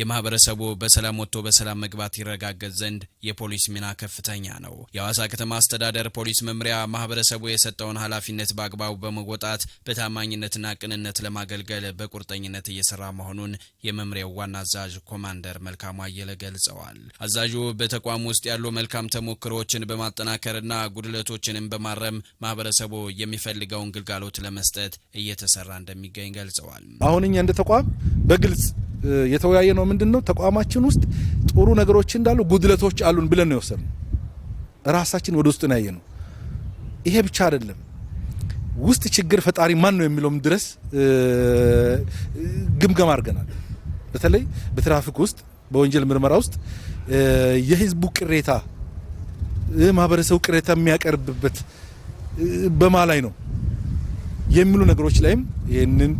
የማህበረሰቡ በሰላም ወጥቶ በሰላም መግባት ይረጋገጥ ዘንድ የፖሊስ ሚና ከፍተኛ ነው። የሐዋሳ ከተማ አስተዳደር ፖሊስ መምሪያ ማህበረሰቡ የሰጠውን ኃላፊነት በአግባቡ በመወጣት በታማኝነትና ቅንነት ለማገልገል በቁርጠኝነት እየሰራ መሆኑን የመምሪያው ዋና አዛዥ ኮማንደር መልካሙ አየለ ገልጸዋል። አዛዡ በተቋም ውስጥ ያሉ መልካም ተሞክሮዎችን በማጠናከርና ጉድለቶችንም በማረም ማህበረሰቡ የሚፈልገውን ግልጋሎት ለመስጠት እየተሰራ እንደሚገኝ ገልጸዋል። አሁን እኛ እንደ ተቋም በግልጽ የተወያየ ነው። ምንድን ነው ተቋማችን ውስጥ ጥሩ ነገሮች እንዳሉ ጉድለቶች አሉን ብለን ነው የወሰኑ ራሳችን ወደ ውስጥ ያየ ነው። ይሄ ብቻ አይደለም። ውስጥ ችግር ፈጣሪ ማን ነው የሚለውም ድረስ ግምገማ አድርገናል። በተለይ በትራፊክ ውስጥ በወንጀል ምርመራ ውስጥ የህዝቡ ቅሬታ ማህበረሰቡ ቅሬታ የሚያቀርብበት በማ ላይ ነው የሚሉ ነገሮች ላይም ይህንን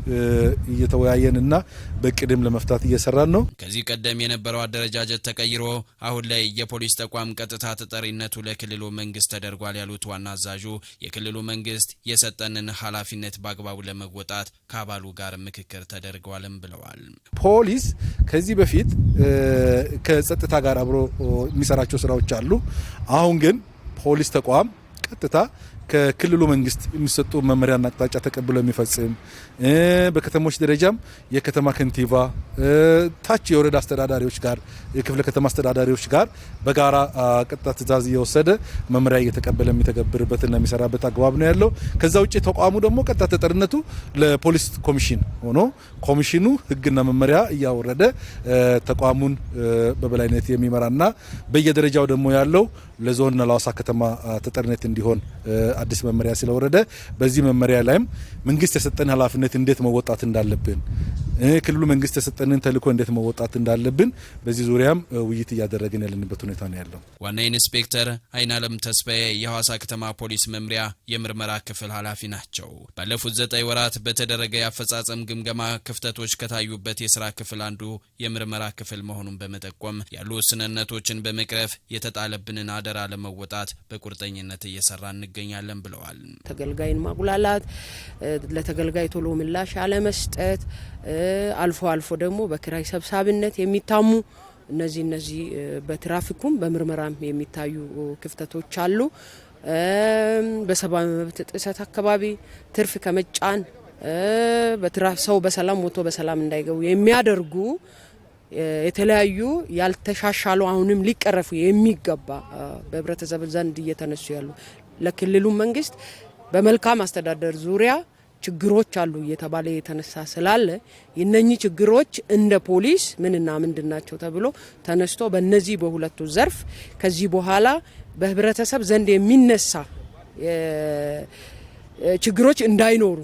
እየተወያየን እና በቅድም ለመፍታት እየሰራን ነው። ከዚህ ቀደም የነበረው አደረጃጀት ተቀይሮ አሁን ላይ የፖሊስ ተቋም ቀጥታ ተጠሪነቱ ለክልሉ መንግስት ተደርጓል ያሉት ዋና አዛዡ የክልሉ መንግስት የሰጠንን ኃላፊነት በአግባቡ ለመወጣት ከአባሉ ጋር ምክክር ተደርጓልም ብለዋል። ፖሊስ ከዚህ በፊት ከጸጥታ ጋር አብሮ የሚሰራቸው ስራዎች አሉ። አሁን ግን ፖሊስ ተቋም ቀጥታ ከክልሉ መንግስት የሚሰጡ መመሪያና አቅጣጫ ተቀብሎ የሚፈጽም በከተሞች ደረጃም የከተማ ከንቲባ ታች የወረዳ አስተዳዳሪዎች ጋር የክፍለ ከተማ አስተዳዳሪዎች ጋር በጋራ ቀጥታ ትእዛዝ እየወሰደ መመሪያ እየተቀበለ የሚተገብርበትና የሚሰራበት አግባብ ነው ያለው። ከዛ ውጭ ተቋሙ ደግሞ ቀጥታ ተጠርነቱ ለፖሊስ ኮሚሽን ሆኖ ኮሚሽኑ ህግና መመሪያ እያወረደ ተቋሙን በበላይነት የሚመራና በየደረጃው ደግሞ ያለው ለዞንና ለአዋሳ ከተማ ተጠርነት እንዲሆን አዲስ መመሪያ ስለወረደ በዚህ መመሪያ ላይም መንግስት የሰጠን ኃላፊነት እንዴት መወጣት እንዳለብን ክልሉ መንግስት የሰጠንን ተልእኮ እንዴት መወጣት እንዳለብን በዚህ ዙሪያም ውይይት እያደረግን ያለንበት ሁኔታ ነው ያለው። ዋና ኢንስፔክተር አይናለም ተስፋዬ የሐዋሳ ከተማ ፖሊስ መምሪያ የምርመራ ክፍል ኃላፊ ናቸው። ባለፉት ዘጠኝ ወራት በተደረገ የአፈጻጸም ግምገማ ክፍተቶች ከታዩበት የስራ ክፍል አንዱ የምርመራ ክፍል መሆኑን በመጠቆም ያሉ ውስንነቶችን በመቅረፍ የተጣለብንን አደራ ለመወጣት በቁርጠኝነት እየሰራ እንገኛለን ብለዋል። ተገልጋይን ማጉላላት፣ ለተገልጋይ ቶሎ ምላሽ አለመስጠት አልፎ አልፎ ደግሞ በክራይ ሰብሳቢነት የሚታሙ እነዚህ እነዚህ በትራፊኩም በምርመራም የሚታዩ ክፍተቶች አሉ። በሰብአዊ መብት ጥሰት አካባቢ ትርፍ ከመጫን ሰው በሰላም ሞቶ በሰላም እንዳይገቡ የሚያደርጉ የተለያዩ ያልተሻሻሉ አሁንም ሊቀረፉ የሚገባ በህብረተሰብ ዘንድ እየተነሱ ያሉ ለክልሉ መንግስት በመልካም አስተዳደር ዙሪያ ችግሮች አሉ እየተባለ የተነሳ ስላለ የነኚህ ችግሮች እንደ ፖሊስ ምንና ምንድን ናቸው ተብሎ ተነስቶ በነዚህ በሁለቱ ዘርፍ ከዚህ በኋላ በህብረተሰብ ዘንድ የሚነሳ ችግሮች እንዳይኖሩ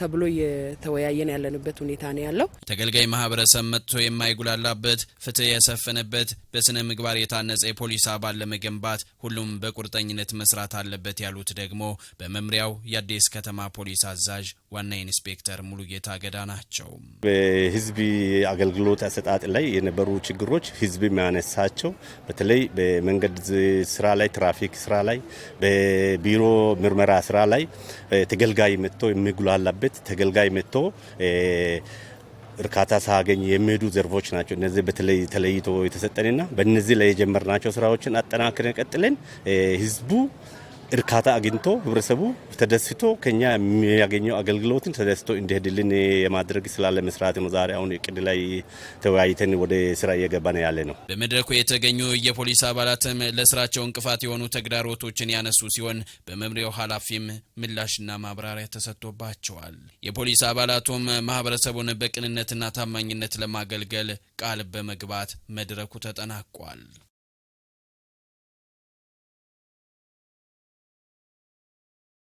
ተብሎ እየተወያየን ያለንበት ሁኔታ ነው ያለው። ተገልጋይ ማህበረሰብ መጥቶ የማይጉላላበት ፍትህ የሰፈነበት በስነ ምግባር የታነጸ የፖሊስ አባል ለመገንባት ሁሉም በቁርጠኝነት መስራት አለበት ያሉት ደግሞ በመምሪያው የአዲስ ከተማ ፖሊስ አዛዥ ዋና ኢንስፔክተር ሙሉጌታ ገዳ ናቸው። በህዝብ አገልግሎት አሰጣጥ ላይ የነበሩ ችግሮች ህዝብ የሚያነሳቸው በተለይ በመንገድ ስራ ላይ፣ ትራፊክ ስራ ላይ፣ በቢሮ ምርመራ ስራ ላይ ተገልጋይ መጥቶ የሚጉላላበት ተገልጋይ መጥቶ እርካታ ሳገኝ የሚሄዱ ዘርፎች ናቸው። እነዚህ በተለይ ተለይቶ የተሰጠንና በእነዚህ ላይ የጀመርናቸው ስራዎችን አጠናክረን ቀጥለን ህዝቡ እርካታ አግኝቶ ህብረተሰቡ ተደስቶ ከኛ የሚያገኘው አገልግሎትን ተደስቶ እንዲሄድልን የማድረግ ስላለ መስራት ነው። ዛሬ አሁን እቅድ ላይ ተወያይተን ወደ ስራ እየገባን ያለ ነው። በመድረኩ የተገኙ የፖሊስ አባላትም ለስራቸው እንቅፋት የሆኑ ተግዳሮቶችን ያነሱ ሲሆን በመምሪያው ኃላፊም ምላሽና ማብራሪያ ተሰጥቶባቸዋል። የፖሊስ አባላቱም ማህበረሰቡን በቅንነትና ታማኝነት ለማገልገል ቃል በመግባት መድረኩ ተጠናቋል።